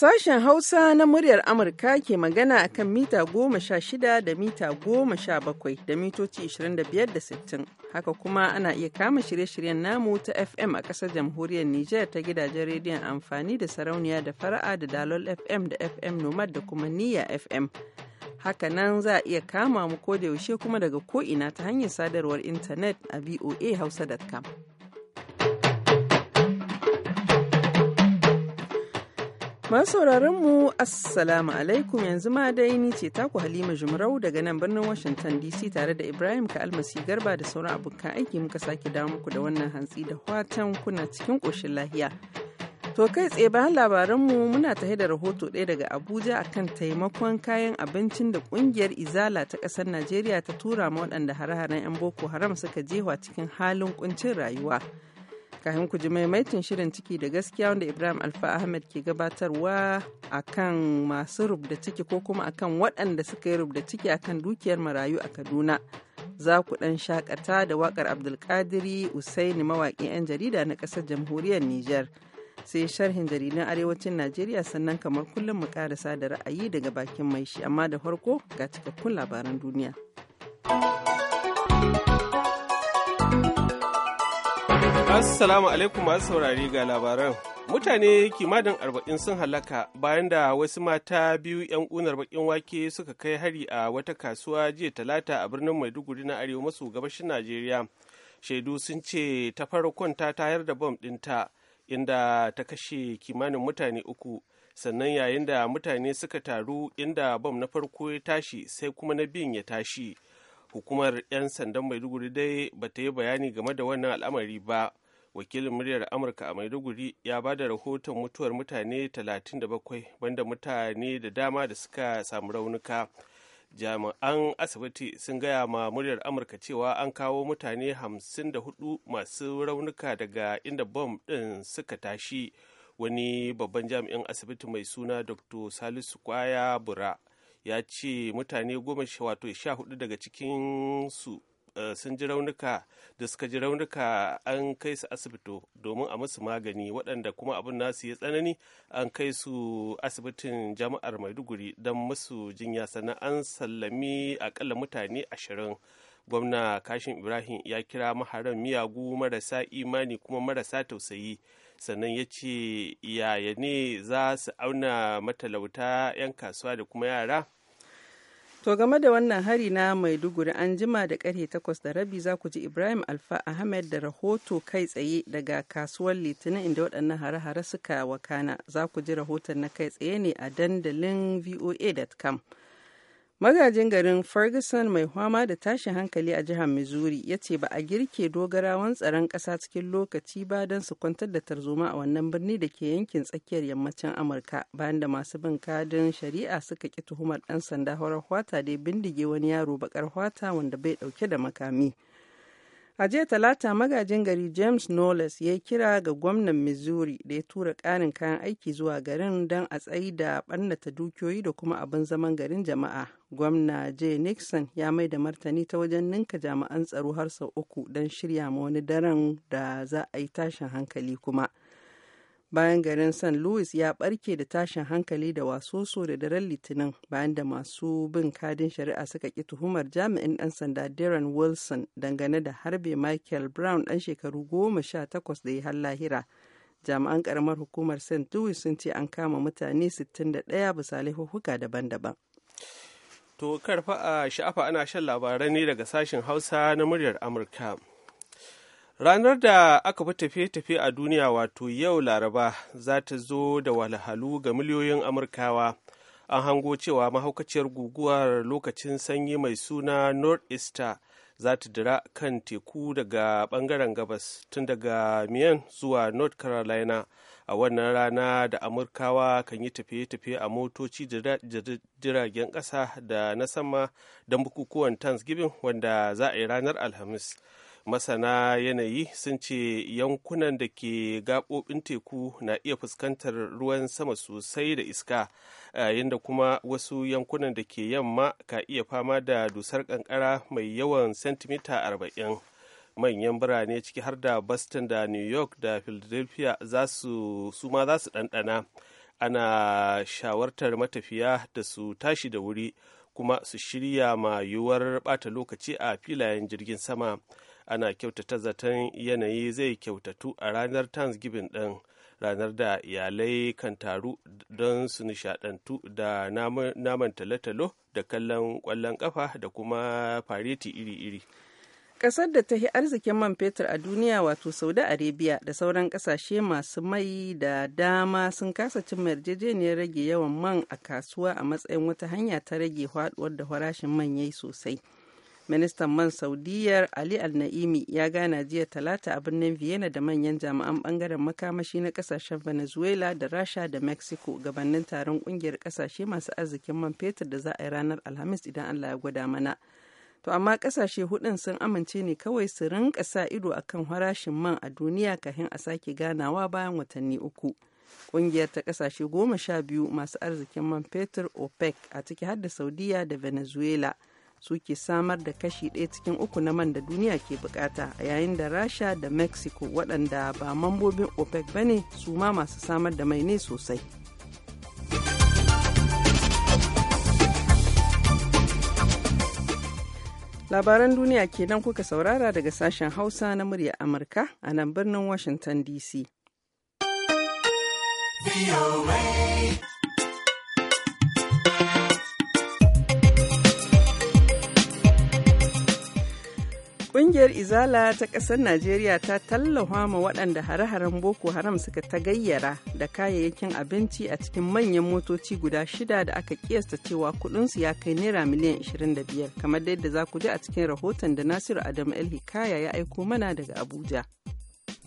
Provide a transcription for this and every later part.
Sashen Hausa na muryar Amurka ke magana a kan mita goma sha shida da mita goma sha bakwai da mitoci 25 da 60. Haka kuma ana iya kama shirye-shiryen namu ta FM a ƙasar jamhuriyar Nijar ta gidajen rediyon amfani da sarauniya da fara'a da dalol FM da FM Nomad da kuma Niyya FM. Hakanan za a iya kama mu ko da yaushe kuma daga ko'ina ta hanyar sadarwar intanet a voa voahausa.com. sauraron mu assalamu alaikum yanzu ma dai ni ce taku halima jumrau daga nan birnin washington dc tare da ibrahim ka almasi garba da sauran abokan aiki muka sake dawo muku da wannan hantsi da watan kuna cikin ƙoshin lahiya to kai tsaye bayan labaran mu muna tahe da rahoto ɗaya daga abuja akan taimakon kayan abincin da ƙungiyar izala ta ƙasar najeriya ta tura ma waɗanda hare-haren 'yan boko haram suka jewa cikin halin kuncin rayuwa kafin ku ji maimaitin shirin ciki da gaskiya wanda ibrahim alfa ahmed ke gabatarwa a kan masu rubda ciki ko kuma a kan waɗanda suka yi rubda ciki a kan dukiyar marayu a kaduna za ku ɗan shakata da waƙar abdulkadiri usaini mawaƙin 'yan jarida na ƙasar jamhuriyar niger sai sharhin jaridan arewacin najeriya sannan kamar kullum mu ƙarasa da ra'ayi daga bakin mai shi amma da farko ga cikakkun labaran duniya. Assalamu alaikum masu saurari ga labaran. Mutane kimanin arba'in sun halaka bayan da wasu mata biyu 'yan unar baƙin wake suka kai hari a wata kasuwa jiya talata a birnin Maiduguri na arewa maso gabashin Najeriya. Shaidu sun ce ta farkon ta tayar da bom ɗinta inda ta kashe kimanin mutane uku. Sannan yayin da mutane suka taru inda bom na farko ya tashi sai kuma na biyun ya tashi. Hukumar 'yan sandan Maiduguri dai bata yi bayani game da wannan al'amari ba. wakilin muryar amurka a maiduguri ya ba da rahoton mutuwar mutane 37 banda mutane da dama da suka samu raunuka jami'an asibiti sun gaya ma muryar amurka cewa an kawo mutane 54 masu raunuka daga inda bom ɗin suka tashi wani babban jami'in asibiti mai suna dr salisu kwaya bura ya ce mutane goma wato sha hudu daga cikinsu Eh, sun ji raunuka da suka ji raunuka an kai su asibito domin a musu magani waɗanda kuma abin nasu ya tsanani an kai su asibitin jama'ar maiduguri don musu jinya sannan an sallami akalla mutane ashirin gwamna kashin ibrahim ya kira maharan miyagu marasa imani kuma marasa tausayi sannan ya ce yaya ne za su auna matalauta 'yan kasuwa da kuma yara To game da wannan hari na Maiduguri an jima da karfe takwas da rabi za ku ji Ibrahim Alfa Ahmed da rahoto kai tsaye daga kasuwar Litinin inda waɗannan hare-hare suka wakana. Za ku ji rahoton na kai tsaye ne a dandalin voa.com. magajin garin ferguson mai hama da tashin hankali a jihar missouri ya ce ba a girke dogarawan tsaron ƙasa cikin lokaci ba don su kwantar da tarzoma a wannan birni da ke yankin tsakiyar yammacin amurka bayan da masu bin kadin shari'a suka ki tuhumar ɗan sanda horar hwata da bindige wani yaro bakar hwata wanda bai ɗauke da makami A jiya talata magajin gari James Knowles ya kira ga gwamnan Missouri da ya tura ƙarin kayan aiki zuwa garin don a tsayi da ɓannata dukiyoyi da kuma abin zaman garin jama'a. Gwamna Jay Nixon ya mai da martani ta wajen ninka jami'an tsaro har sau uku don shirya ma wani daren da za a yi tashin hankali kuma. bayan garin san louis ya barke da tashin hankali da wasoso da daren litinin bayan da masu bin kadin shari'a suka ki tuhumar jami'in dan sanda darren wilson dangane da harbe michael brown dan shekaru goma sha takwas da ya har lahira jami'an karamar hukumar st louis sun ce an kama mutane 61 bisa laifuka daban-daban to karfa a sha'afa ana shan labarai ne daga sashen hausa na muryar amurka Ranar da aka fi tafiye-tafiye a duniya wato yau Laraba za ta zo da walhalu ga miliyoyin Amurkawa. An hango cewa mahaukaciyar guguwar lokacin sanyi mai suna Northeaster za ta dira kan teku daga bangaren gabas tun daga Miyan zuwa North Carolina a wannan rana da Amurkawa kan yi tafiye-tafiye a motoci jiragen ƙasa da na sama don bukukuwan Thanksgiving wanda za a yi ranar Alhamis. masana yanayi sun ce yankunan da ke gaɓoɓin teku na iya fuskantar ruwan sama sosai da iska yayin da kuma wasu yankunan da ke yamma ka iya fama da dusar kankara mai yawan sentimita 40 manyan birane ciki har da boston da new york da philadelphia za su suma za su ɗanɗana ana shawartar matafiya da su tashi da wuri kuma su shirya ma yiwuwar ɓata lokaci a filayen jirgin sama. ana kyautata zaton yanayi zai kyautatu a ranar thanksgiving din ranar da iyalai kan taru don su nishadantu da naman talotalo da kallon kwallon kafa da kuma fareti iri-iri ƙasar da ta yi arzikin man fetur a duniya wato saudi arabia da sauran ƙasashe masu mai da dama sun kasa cin yarjejeniyar rage yawan man a kasuwa a matsayin wata hanya ta rage haɗuwar da farashin man yayi sosai. ministan man saudiyar ali al-na'imi ya gana jiya talata a birnin vienna da manyan jami'an bangaren makamashi na kasashen venezuela da rasha da mexico gabanin taron kungiyar kasashe masu arzikin man fetur da za a yi ranar alhamis idan allah ya gwada mana to amma kasashe hudun sun amince ne kawai su rinka sa ido akan harashin man a duniya kafin a sake ganawa bayan watanni uku ƙungiyar ta ƙasashe goma sha biyu masu arzikin man fetur opec a ciki har da saudiya da venezuela suke samar da kashi ɗaya cikin uku na man da duniya ke bukata a yayin da rasha da mexico waɗanda ba mambobin opec ba ne su ma masu samar da mai ne sosai labaran duniya kenan kuka saurara daga sashen hausa na murya amurka a nan birnin washington dc Ƙungiyar Izala ta ƙasar Najeriya ta tallafa ma waɗanda hare-haren Boko Haram suka ta gayyara da kayayyakin abinci a cikin manyan motoci guda shida da aka kiyasta cewa kuɗinsu ya kai naira miliyan 25 kamar yadda za ku ji a cikin rahoton da Nasiru Adamu El Hikaya ya aiko mana daga Abuja.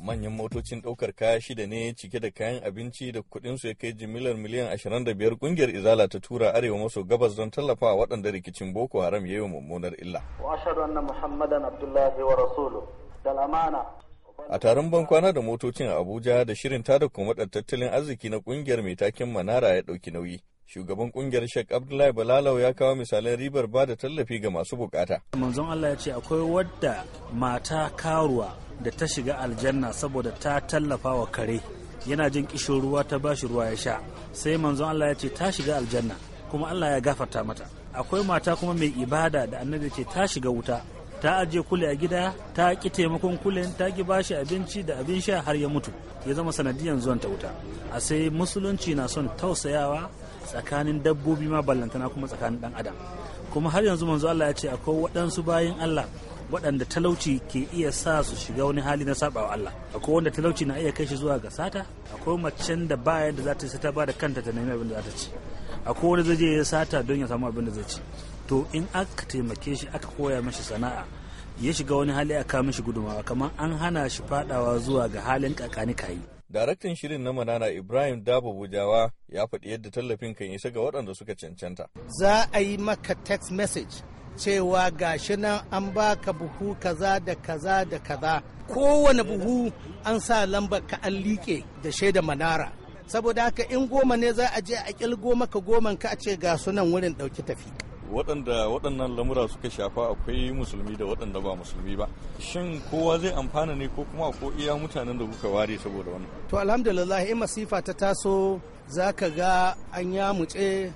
manyan motocin ɗaukar kaya shida ne cike da kayan abinci da kuɗin su ya kai jimilar miliyan 25 kungiyar izala ta tura arewa maso gabas don tallafa wa waɗanda rikicin boko haram ya yi wa mummunar illa a taron bankwana da motocin a abuja da shirin tada kumadar tattalin arziki na kungiyar mai takin manara ya ɗauki nauyi shugaban kungiyar shek abdullahi balalau ya kawo misalin ribar ba da tallafi ga masu bukata manzon allah ya ce akwai wadda mata karuwa da ta shiga aljanna saboda ta tallafa wa kare yana jin kishin ruwa ta bashi ruwa ya sha sai manzon Allah ya ce ta shiga aljanna kuma Allah ya gafarta mata akwai mata kuma mai ibada da annabi ce ta shiga wuta ta ajiye kule a gida ta ki taimakon kulen ta ki bashi abinci da abin sha har ya mutu ya zama sanadiyan zuwan ta wuta a sai musulunci na son tausayawa tsakanin dabbobi ma ballantana kuma tsakanin dan adam kuma har yanzu manzo Allah ya ce akwai waɗansu bayin Allah waɗanda talauci ke iya sa su shiga wani hali na sabawa Allah akwai wanda talauci na iya kai shi zuwa ga sata akwai macen da ba yadda za ta ta ba da kanta ta nemi abin da za ta ci akwai wani zai je ya sata don ya samu abin da zai ci to in aka taimake shi aka koya mashi sana'a ya shiga wani hali a mashi shi gudumawa kamar an hana shi fadawa zuwa ga halin kakani kayi daraktan shirin na manana ibrahim dabo bujawa ya faɗi yadda tallafin kan isa ga waɗanda suka cancanta za a yi maka text message cewa gashi nan an baka buhu kaza da kaza da kaza kowane buhu an sa lambar ka an liƙe da shaida manara saboda haka in goma ne za a je a goma maka goman ka a ce ga sunan wurin ɗauki tafi waɗanda waɗannan lamura suka shafa akwai musulmi da waɗanda ba musulmi ba shin kowa zai amfana ne ko kuma ko iya mutanen da kuka ware saboda wannan to alhamdulillah in masifa ta taso za ka ga an ya mutse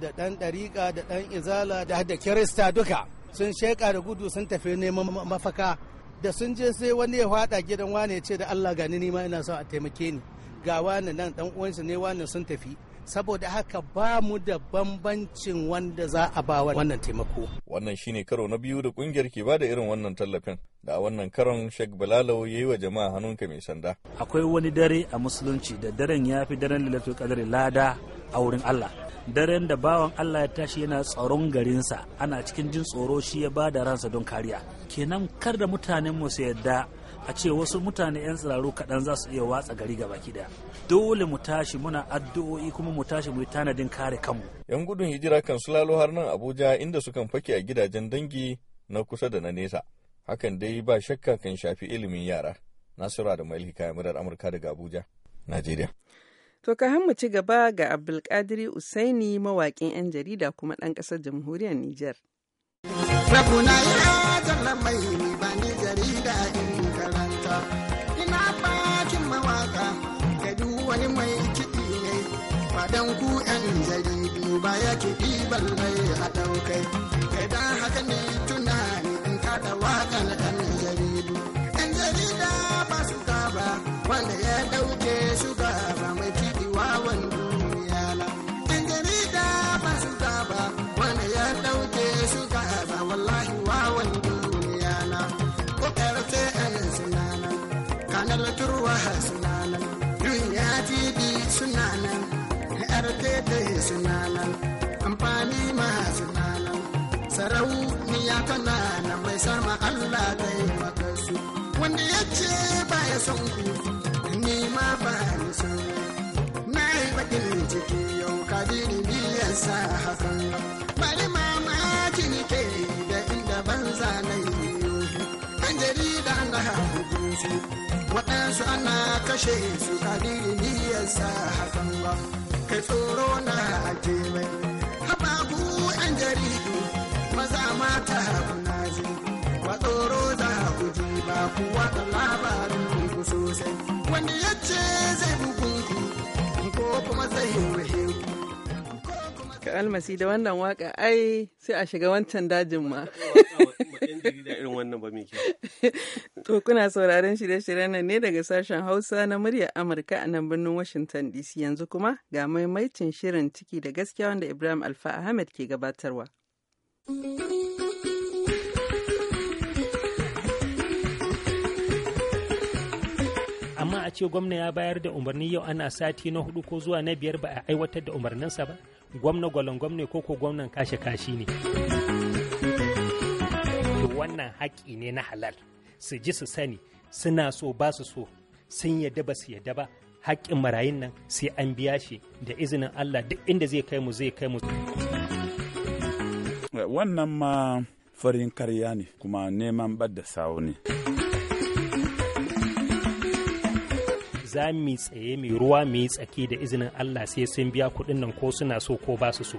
da ɗan ɗariƙa da ɗan izala da da kirista duka sun sheƙa da gudu sun tafi neman mafaka da sun je sai wani ya faɗa gidan wane ce da Allah gani ni ma ina son a taimake ni ga wani nan ɗan uwansa ne wani sun tafi saboda haka ba mu da bambancin wanda za a ba wannan taimako. Wannan shine karo na biyu da kungiyar ke ba da irin wannan tallafin da wannan karon Sheikh Bilalau ya yi wa jama'a hannunka mai sanda. Akwai wani dare a musulunci da daren ya fi daren lalatul kadari lada a wurin Allah. daren da bawan Allah ya tashi yana tsaron garinsa ana cikin jin tsoro shi ya ba da ransa don kariya kenan kar da mutanen mu su yadda a ce wasu mutane 'yan tsiraru kaɗan za su iya watsa gari ga baki da, dole mu tashi muna addu'o'i kuma mu tashi mu tanadin kare kanmu yan gudun hijira kan sulalo har nan abuja inda su kan fake a gidajen dangi na kusa da na nesa hakan dai ba shakka kan shafi ilimin yara Nasiru da mai hikaya amurka daga abuja najeriya toka ka mu ci gaba ga Abdulkadiri Usaini mawaƙin 'yan jarida kuma ɗan ƙasar jamhuriyar Nijar. Rabuna ya zalla mai ni ba ni jarida in karanta, ina bakin mawaƙa da duk wani mai kiɗi ne, fadan ku 'yan jaridu ba ya kiɗi bal mai take ta yi amfani masu nanan sarauniya tana nan mai sarma Allah ta yi makasu wanda ya ce ba ya son ku ni ma ba ni son na yi bakin ciki yau kadiri biyan sa hakan bari mamaki ni ke da inda ban zanai ɗan jarida na hakukunsu waɗansu ana kashe su kadiri biyan sa hakan ba. kai tsoro na ake mai hababu yan jaridu maza mata kuna ji ba tsoro za ku ba ku wada labarin ku sosai wanda ya ce zai bugun ku ko kuma zai wahe ku Ka almasi da wannan waka ai sai a shiga wancan dajin ma. To kuna sauraron shirye-shiryen nan ne daga sashen Hausa na muryar Amurka a nan birnin Washington DC yanzu kuma ga maimaitin shirin ciki da gaskiya wanda Ibrahim Alfa Ahmed ke gabatarwa. a ce gwamna ya bayar da umarni yau ana sati na hudu ko zuwa na biyar ba a aiwatar da umarninsa ba gwamna gwalangwam ne ko ko gwamnan kashe kashi ne wannan haƙƙi ne na halal su ji su sani suna so ba su so sun yadda ba su yadda ba haƙƙin marayun nan sai an biya shi da izinin Allah duk inda zai kai mu zai kai mu wannan ma farin karya ne kuma neman bada sawo ne za mu tsaye mai ruwa mu yi tsaki da izinin Allah sai sun biya kuɗin nan ko suna so ko ba su so.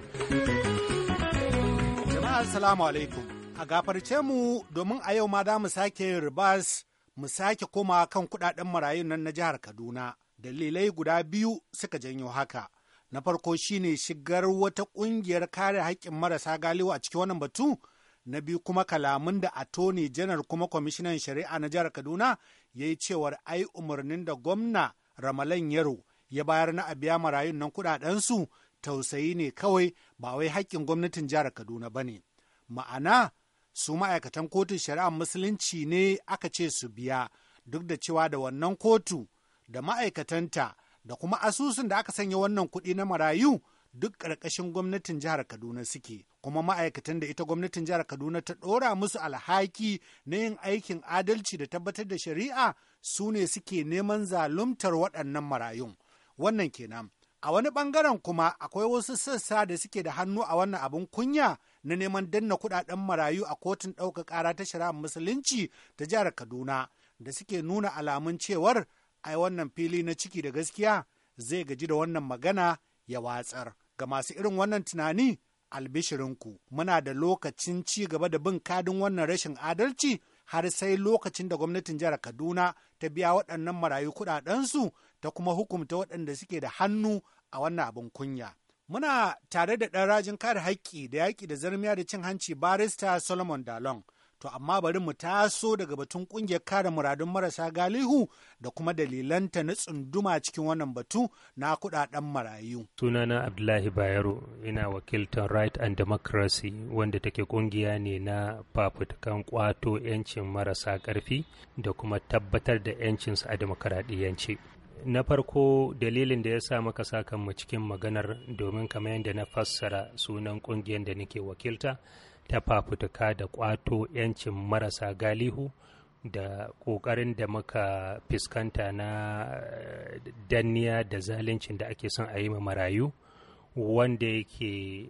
Jama'a Salamu alaikum. A gafarce mu domin a yau ma za mu sake ribas mu sake koma kan kuɗaɗen marayun nan na jihar Kaduna. Dalilai guda biyu suka janyo haka. Na farko shine shigar wata ƙungiyar kare haƙƙin marasa galiwa a cikin wannan batu. na biyu kuma kalamun da attorney janar kuma kwamishinan shari'a na jihar kaduna ya yi cewar ai umarnin da gwamna Ramalan Yaro ya bayar na a biya marayun nan kuɗaɗensu tausayi ne kawai ba wai haƙƙin gwamnatin jihar Kaduna ba ne. Ma'ana su ma'aikatan kotun shari'ar musulunci ne aka ce su biya duk da cewa da wannan kotu da ma'aikatanta da kuma asusun da aka sanya wannan kuɗi na marayu duk ƙarƙashin gwamnatin jihar Kaduna suke. kuma ma'aikatan da ita gwamnatin jihar Kaduna ta ɗora musu alhaki na yin aikin adalci da tabbatar da shari'a su ne suke neman zaluntar waɗannan marayun. Wannan kenan. A wani ɓangaren kuma akwai wasu sassa da suke da hannu a wannan abin kunya na neman danna kuɗaɗen marayu a kotun ɗauka ƙara ta shari'a musulunci ta jihar Kaduna da suke nuna alamun cewar ai wannan fili na ciki da gaskiya zai gaji da wannan magana ya watsar. Ga masu irin wannan tunani albishirinku muna da lokacin ci gaba da bin kadin wannan rashin adalci har sai lokacin da gwamnatin jihar Kaduna ta biya waɗannan marayu kuɗaɗensu ta kuma hukumta waɗanda suke da hannu a wannan abin kunya. Muna tare da ɗan rajin kare haƙƙi da yaƙi da zarmiya da cin hanci barista Solomon dalong To amma bari mu taso daga batun kungiyar kare muradun marasa galihu da kuma dalilanta na tsunduma cikin wannan batu na kudaden marayu. Sunana Abdullahi Bayero ina wakiltar Right and Democracy wanda take kungiya ne na fafutukan kwato 'yancin marasa karfi da kuma tabbatar da 'yancinsu a demokaradiyyance. na farko dalilin da ya sa maka sa kanmu cikin maganar domin kamar yadda na fassara sunan kungiyar da nake wakilta ta fafutuka da kwato 'yancin marasa galihu da ƙoƙarin da muka fuskanta na eh, danniya da zaluncin da ake son a yi ma marayu wanda yake eh,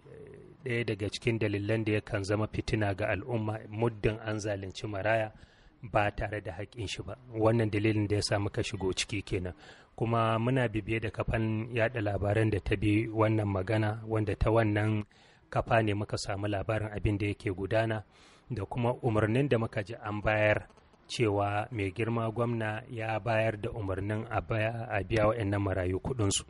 ɗaya daga cikin dalilan da yakan zama fitina ga al'umma muddin an zalunci maraya ba tare da haƙƙin shi ba wannan dalilin da ya sa muka shigo ciki kenan kuma muna bibiye da kafan yada labaran da ta bi wannan magana wanda ta wannan kafa ne muka samu labarin abin da yake gudana da kuma umarnin da muka ji an bayar cewa mai girma gwamna ya bayar da umarnin a biya wa'annan marayu kudinsu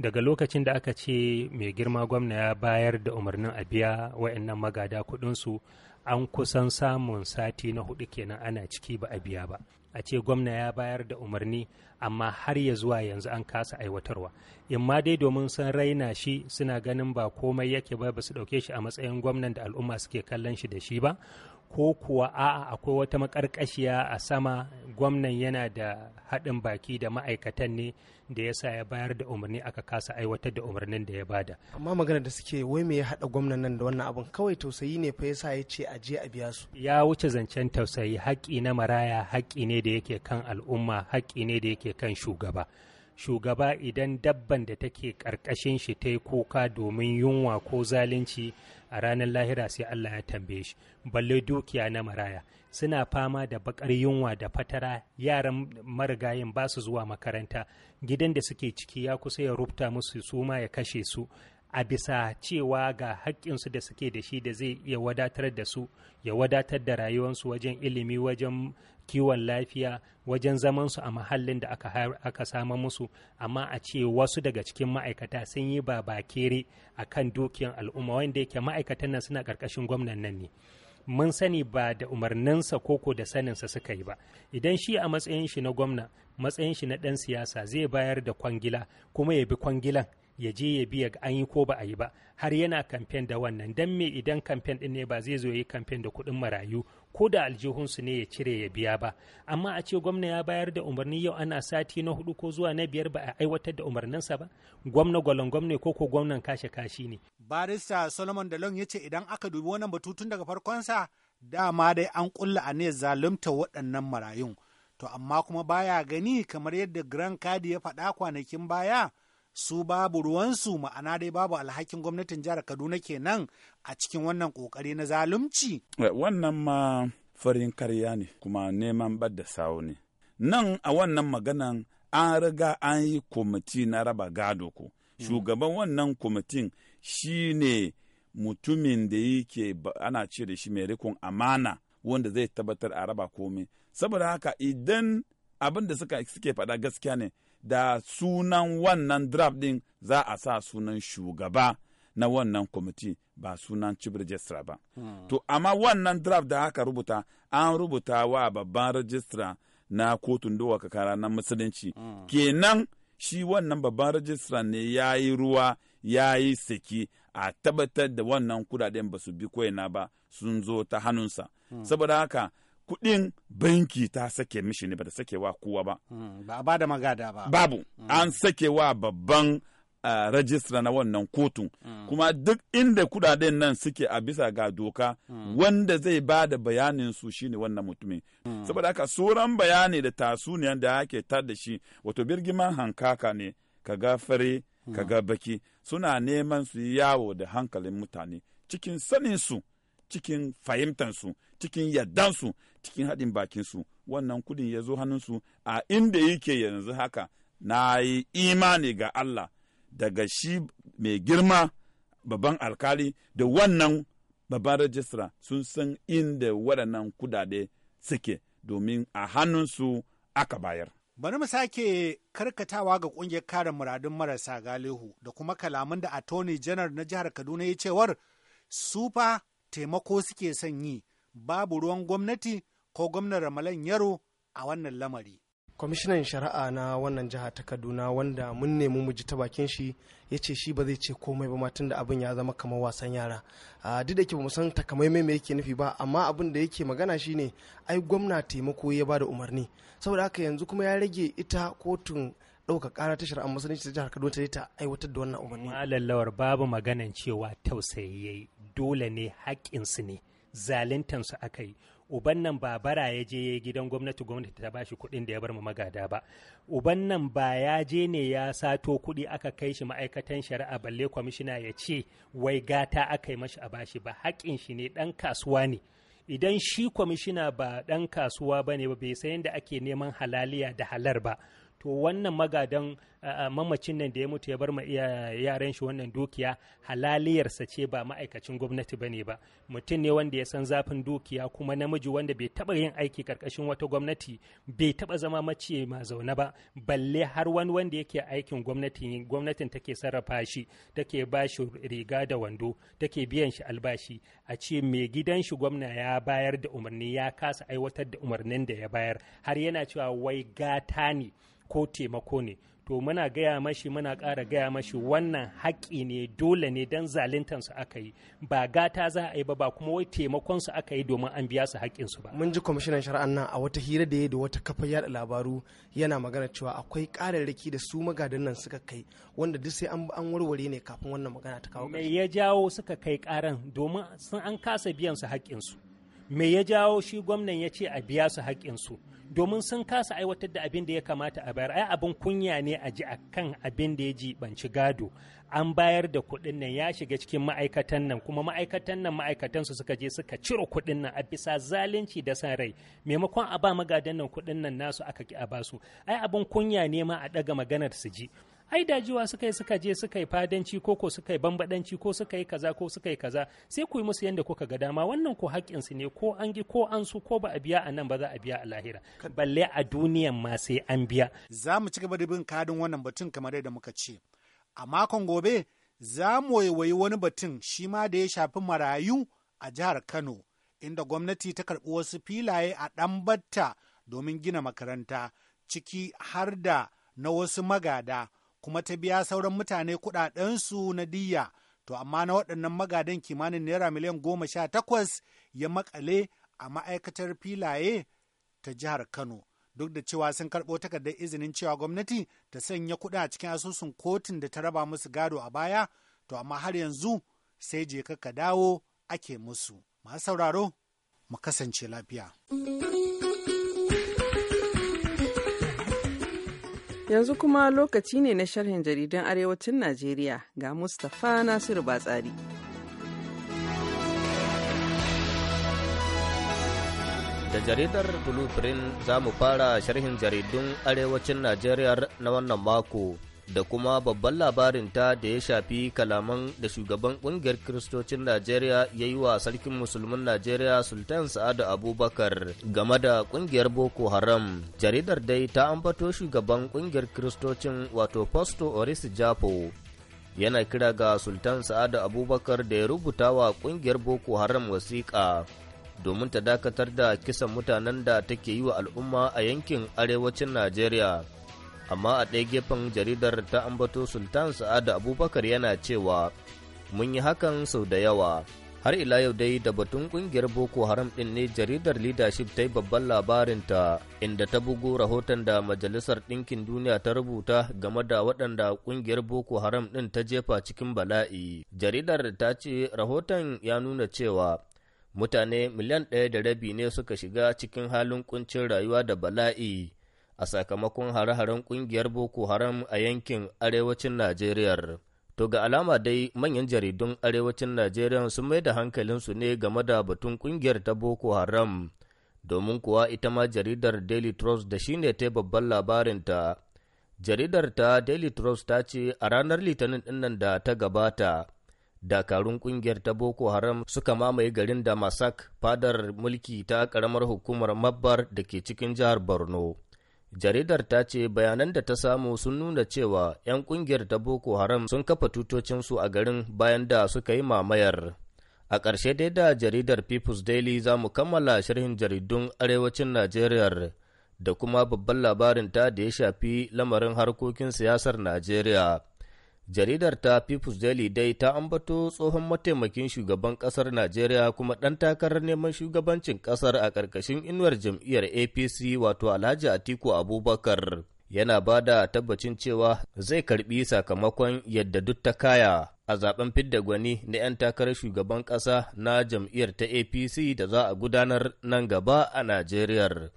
daga lokacin da aka ce mai girma gwamna ya bayar da umarnin a biya wa'annan magada kudinsu an kusan samun sati na hudu kenan ana ciki ba a biya ba a ce gwamna ya bayar da umarni amma har ya zuwa yanzu an kasa aiwatarwa in ma dai domin sun raina shi suna ganin ba komai yake ba su ɗauke shi a matsayin gwamnan da al'umma suke kallon shi da shi ba ko kuwa a'a akwai wata makarkashiya a sama gwamnan yana da haɗin baki da ma'aikatan ne da ya sa ya bayar da umarni aka kasa aiwatar da umarnin da ya bada amma magana da suke wai me ya haɗa gwamnan nan da wannan abun kawai tausayi ne fa yasa ya ce a je a biya su ya wuce zancen tausayi haƙƙi na maraya haƙƙi ne da yake kan al'umma haƙƙi ne da yake kan shugaba shugaba idan dabban da take ƙarƙashin shi ta yi kuka domin yunwa ko zalunci a ranar lahira sai Allah ya tambaye shi balle dukiya na maraya suna fama da bakar yunwa da fatara yaran marigayin ba su zuwa makaranta gidan da suke ciki ya kusa ya rubuta musu su ma ya kashe su a bisa cewa ga haƙƙinsu da suke da shi da zai iya wadatar da su ya wadatar da rayuwarsu wajen ilimi wajen kiwon lafiya wajen zamansu a mahallin da aka, aka sama musu amma a ce wasu daga cikin ma'aikata sun yi kere a kan dukiyar al'umma wanda yake ma'aikatan nan suna ƙarƙashin gwamnan nan ne mun sani ba da umarninsa koko da saninsa suka yi ba idan shi a matsayin shi na gwamna matsayin shi na ɗan siyasa zai bayar da kwangila kuma ya bi kwangilan ya je ya biya an yi ko ba a yi ba har yana kamfen da wannan dan me idan kamfen ɗin ne ba zai zo ya yi kamfen da kuɗin marayu ko da aljihunsu ne ya cire ya biya ba amma a ce gwamna ya bayar da umarni yau ana sati na hudu ko zuwa na biyar ba a aiwatar da umarninsa ba gwamna gwalon gwamna ko ko gwamnan kashe kashi ne barista solomon dalon ya ce idan aka dubi wannan batutun daga farkonsa dama dai an kulla a ne zalunta waɗannan marayun to amma kuma baya gani kamar yadda grand kadi ya faɗa kwanakin baya su babu ruwansu ma'ana dai babu alhakin gwamnatin jihar Kaduna kenan a cikin wannan kokari na zalunci. Eh, wannan ma farin karya ne kuma neman da sawo ne. Nan a wannan maganan an riga an yi kwamiti na raba gado ko. Mm. Shugaban wannan kwamitin shi ne mutumin da yake ana ce da shi mai rikon amana wanda zai tabbatar a raba komai. Saboda haka idan abin da suke faɗa gaskiya ne da sunan wannan draft din za a sa sunan shugaba na wannan kwamiti ba sunan chief registrar ba. Hmm. To, amma wannan draft da aka rubuta, an rubuta wa babban registrar na kotun dowa kakara na musulunci. Hmm. Kenan shi wannan babban registrar ne ya yi ruwa ya yi saki a tabbatar da wannan kudaden ba su bi koyana ba sun zo ta hannunsa. Hmm. Saboda haka kuɗin banki ta sake mishi ne ba ta sake wa kowa ba. Hmm, ba a ba da magada ba. Babu, hmm. an sake wa babban uh, na wannan kotun. Hmm. Kuma duk inda kudaden nan suke a bisa ga doka wanda zai ba da bayanin su shi ne wannan mutumin. Saboda haka sauran bayani da tasuniyan da ake tar da shi wato birgiman hankaka ne Ka ga fare ka ga baki suna neman su yawo da hankalin mutane cikin sanin su cikin fahimtansu cikin yardansu cikin haɗin bakinsu wannan kudin ya zo hannunsu a inda yake yanzu haka na yi imani ga Allah daga shi mai girma babban alkali da wannan babban rajistra sun san inda waɗannan kudade suke domin a hannunsu aka bayar. Bari mu sake karkatawa ga ƙungiyar kare muradun marasa galihu da kuma kalaman da attorney janar na jihar Kaduna ya cewar su fa taimako suke son yi babu ruwan gwamnati ko gwamnar Ramalan Yaro a wannan lamari. Kwamishinan shari'a na wannan jiha ta Kaduna wanda mun nemi mu ji ta bakin shi ya ce shi ba zai ce komai ba matun da abin ya zama kamar wasan yara. Duk da ke ba san takamaimai me yake nufi ba amma abin da yake magana shi ne ai gwamna taimako ya ba da umarni. Saboda haka yanzu kuma ya rage ita kotun ɗauka ƙara ta shari'a musulunci ta jihar Kaduna ta ta aiwatar da wannan umarni. Malallawar babu maganan cewa tausayi dole ne haƙƙinsu ne. su aka yi uban nan ba bara ya je gidan gwamnati gwamnati ta bashi kuɗin da ya bar mu magada ba uban nan ba ya je ne ya sato kuɗi aka kai shi ma'aikatan shari'a balle kwamishina ya ce wai gata aka yi mashi a bashi ba haƙin shi ne ɗan kasuwa ne idan shi kwamishina ba ɗan kasuwa ba ne ba bai san yadda ake neman halaliya da halar ba to wannan magadan mamacin nan da ya mutu ya bar ma yaran shi wannan dukiya halaliyarsa ce ba ma'aikacin gwamnati ne ba mutum ne wanda ya san zafin dukiya kuma namiji wanda bai taba yin aiki karkashin wata gwamnati bai taba zama maciye ma zaune ba balle har wani wanda yake aikin gwamnati gwamnatin take sarrafa shi take ba shi riga da wando take biyan shi albashi a ce mai gidan shi gwamna ya bayar da umarni ya kasa aiwatar da umarnin da ya bayar har yana cewa wai gata ne ko taimako ne to muna gaya mashi muna kara gaya mashi wannan haƙƙi ne dole ne don su aka yi ba gata za a yi ba kuma wai taimakon su aka yi domin an biya su haƙƙin su ba. mun ji kwamishinan shari'an nan a wata hira da ya da wata kafa yada labaru yana magana cewa akwai ƙararraki da su magadan nan suka kai wanda duk sai an warware ne kafin wannan magana ta kawo me ya jawo suka kai ƙaran domin sun an kasa biyan su haƙƙin su me ya jawo shi gwamnan ya ce a biya su haƙƙin su. domin sun kasa aiwatar da abin da ya kamata a bayar ai abin kunya ne a ji akan abin da ya jibanci gado an bayar da kuɗin nan ya shiga cikin ma'aikatan nan kuma ma'aikatan nan ma'aikatan su suka je suka ciro kuɗin nan a bisa zalunci da san rai maimakon a ba magadan nan kuɗin nan nasu aka ki a basu ai abin kunya ne ma a daga maganar su ji ai da jiwa suka yi suka je suka yi fadanci ko ko suka yi bambadanci ko suka yi kaza ko suka yi kaza sai ku yi musu yadda kuka ga dama wannan ko haƙƙin su ne ko an gi ko an su ko ba a biya a nan ba za a biya a lahira balle a duniyan ma sai an biya za mu ci gaba da bin kadin wannan batun kamar yadda muka ce a makon gobe za mu waiwayi wani batun shi ma da ya shafi marayu a jihar Kano inda gwamnati ta karɓi wasu filaye a batta domin gina makaranta ciki har da na wasu magada kuma ta biya sauran mutane kuɗaɗensu na diya. To amma na waɗannan magadan kimanin naira miliyan goma sha takwas ya makale a ma'aikatar filaye ta jihar Kano. Duk da cewa sun karɓo takardar izinin cewa gwamnati ta sanya kuɗi a cikin asusun kotun da ta raba musu gado a baya, to amma har yanzu sai je ka dawo ake musu. Masu sauraro, mu kasance lafiya. Yanzu kuma lokaci ne na sharhin jaridan Arewacin Najeriya ga Mustapha Nasiru Batsari. Da jaridar Blueprint za mu fara sharhin jaridun Arewacin Najeriya na wannan mako. da kuma babban labarinta da ya shafi kalaman da shugaban kungiyar kiristocin najeriya ya yi wa sarkin musulmin najeriya sultan sa'adu abubakar game da kungiyar boko haram jaridar dai ta ambato shugaban kungiyar kiristocin wato pasto orisi japo yana kira ga sultan sa'adu abubakar da ya rubuta wa kungiyar boko haram wasiƙa domin ta dakatar da kisan mutanen da take yi wa al'umma a yankin arewacin najeriya amma a ɗaya gefen jaridar ta ambato sultan sa'ada abubakar yana cewa mun yi hakan sau da yawa har ila yau dai da batun kungiyar boko haram ɗin ne jaridar leadership ta yi babban labarinta inda ta bugo rahoton da majalisar ɗinkin duniya ta rubuta game da waɗanda kungiyar boko haram ɗin ta jefa cikin bala'i jaridar ta ce rahoton ya nuna cewa mutane miliyan ɗaya da rabi ne suka shiga cikin halin kuncin rayuwa da bala'i a sakamakon hare-haren ƙungiyar Boko Haram a yankin arewacin Najeriya. To ga alama dai manyan jaridun arewacin Najeriya sun mai da hankalinsu ne game da batun ƙungiyar ta Boko Haram, domin kuwa ita ma jaridar Daily Trust da shine ta babban labarinta. Jaridar ta Daily Trust ta ce a ranar Litinin dinnan da ta gabata, dakarun kungiyar ta Boko Haram suka mamaye garin da Damasak fadar mulki ta karamar hukumar Mabbar da ke cikin jihar Borno. Jaridar ta ce bayanan da ta samu sun nuna cewa 'yan kungiyar ta Boko Haram sun kafa tutocinsu a garin bayan da suka yi mamayar. A ƙarshe dai da jaridar People's Daily za mu kammala sharhin jaridun Arewacin Najeriya da kuma babban labarin ta da ya shafi lamarin harkokin siyasar Najeriya. Jaridar ta People's Daily dai ta ambato tsohon mataimakin shugaban ƙasar Najeriya kuma ɗan takarar neman shugabancin ƙasar a ƙarƙashin inuwar jam'iyyar APC wato Alhaji Atiku Abubakar yana ba da tabbacin cewa zai karɓi sakamakon yadda duk ta kaya a zaben fidda gwani na 'yan takarar shugaban ƙasa na jam'iyyar ta APC da za a gudanar nan gaba a Najeriya.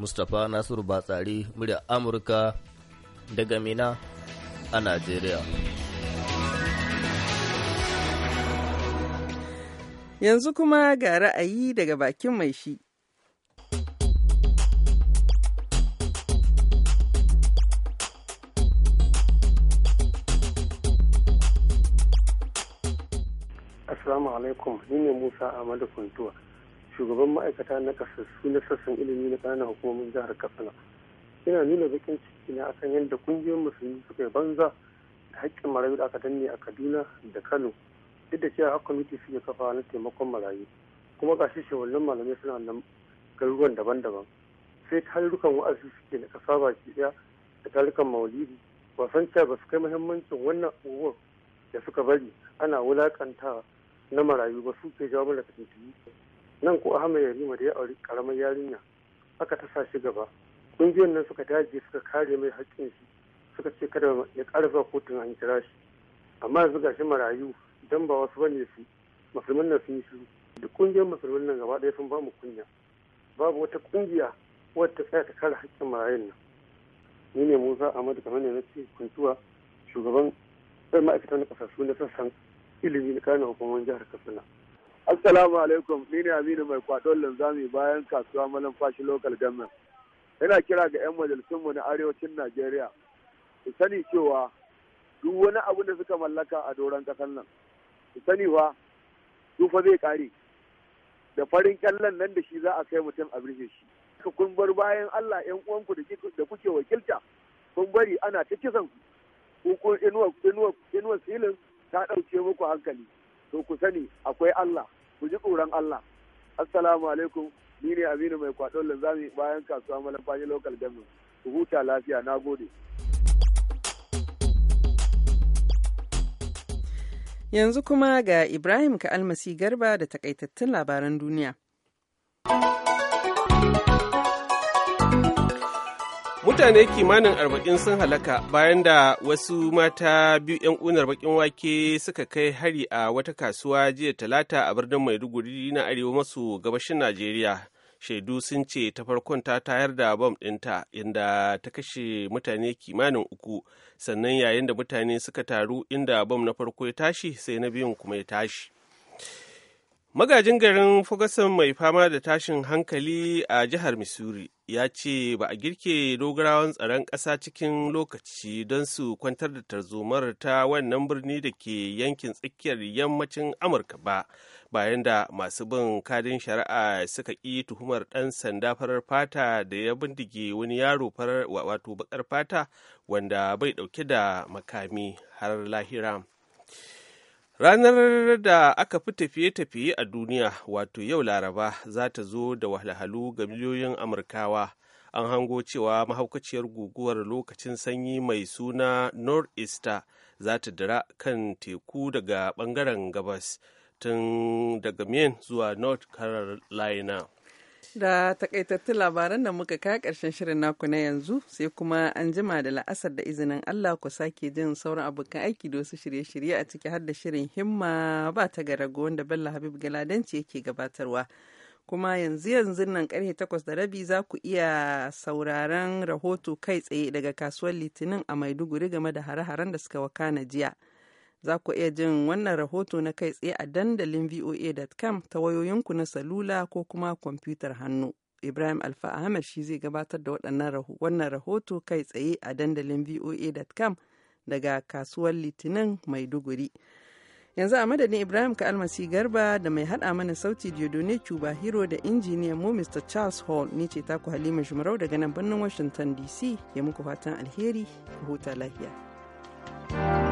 Mustapha Nasiru Batsari, murya Amurka daga Mina. a Najeriya. Yanzu kuma ga ra'ayi daga bakin mai shi. Assalamu alaikum, ni ne Musa amadu Kuntuwa, shugaban ma'aikata na kasassu na sassan ilimi na ƙananan hukumomin jihar Katsina. yana nuna bakin ciki na akan yadda kungiyar musulmi suka yi banza da haƙƙin marayu da aka danne a kaduna da kano duk da cewa haka kwamiti suke kafa na taimakon marayu kuma ga shi malamai suna nan garuruwan daban-daban sai tarukan wa'azi suke na kasa baki ɗaya da tarukan maulidi ba san cewa ba su kai muhimmancin wannan abubuwan da suka bari ana wulakanta na marayu ba su ke jawo mana nan ko ahmed yarima da ya auri karamar yarinya haka ta sa shi gaba kungiyar nan suka daje suka kare mai haƙƙin shi suka ce kada ya ƙarfa kotun an kira shi amma yanzu ga shi marayu dan ba wasu bane su musulmin nan sun yi shiru duk kungiyar musulmin nan gaba ɗaya sun ba mu kunya babu wata ƙungiya wadda ta tsaya ta kare haƙƙin marayun nan ni ne Musa Ahmad kamar ne na ce kuntuwa shugaban sai ma'aikatan na kasassu na sassan ilimi na kayan hukumomin jihar Katsina. Assalamu alaikum ni ne Aminu mai kwadon linzami bayan kasuwa malam fashi local government. yana kira ga 'yan majalisunmu na arewacin najeriya su sani cewa duk wani abu da suka mallaka a doron kasar nan su sani fa dufa zai kare da farin ƙyallen nan da shi za a kai mutum a birge shi ka kun bar bayan allah 'yan uwanku da kuke wakilta kun bari ana ta kisan ku ko inuwa silin ta ɗauke muku hankali to ku sani akwai allah ku ji tsoron allah assalamu alaikum ni ne aminu mai kwaɗon linzami bayan kasuwa malafaji local government ku huta lafiya na gode yanzu kuma ga ibrahim ka almasi garba da takaitattun labaran duniya Mutane kimanin arba'in sun halaka bayan da wasu mata biyu 'yan unar bakin wake suka kai hari a wata kasuwa jiya talata a birnin Maiduguri na arewa maso gabashin Najeriya. Shaidu sun ce ta farkon ta tayar da bom ɗinta inda ta kashe mutane kimanin uku sannan yayin da mutane suka taru inda bom na farko ya tashi sai na biyun kuma ya tashi. Magajin garin Ferguson mai fama da tashin hankali a jihar Missouri ya ce ba a girke dogarawan tsaron ƙasa cikin lokaci don su kwantar da tarzomar ta wannan birni da ke yankin tsakiyar yammacin amurka ba bayan da masu bin kadin shari'a suka ƙi tuhumar ɗan sanda farar fata da ya bindige wani yaro farar wato baƙar fata wanda bai ɗauke da makami har lahira. Ranar da aka fi tafiye-tafiye a duniya wato yau Laraba za ta zo da wahalhalu ga miliyoyin Amurkawa. An hango cewa mahaukaciyar guguwar lokacin sanyi mai suna North-Easter za ta dira kan teku daga bangaren gabas tun daga Maine zuwa North Carolina. Da takaitattun labaran da muka kaya karshen shirin naku na yanzu sai kuma an jima da la'asar da izinin Allah ku sake jin sauran abokan aiki da wasu shirye-shirye a ciki har da shirin himma ba ta rago wanda Bello Habib Galadanci yake gabatarwa. Kuma yanzu yanzu nan karfe 8 da rabi za ku iya sauraron rahoto kai tsaye daga kasuwar Litinin a Maiduguri game da hare-haren da suka wakana jiya. Za ku iya jin wannan rahoto na kai tsaye a dandalin voa.com ta wayoyinku na salula ko kuma kwamfutar hannu. Ibrahim Alfa Ahmed shi zai gabatar da waɗannan wannan rahoto kai tsaye a dandalin voa.com daga kasuwar Litinin Maiduguri. Yanzu a madadin Ibrahim ka almasi garba da mai haɗa mana sauti Diodone Cuba Hero da injiniyan mu Mr. Charles Hall ni ce taku Halima Jumarau daga nan birnin Washington DC ya muku fatan alheri huta lafiya. thank you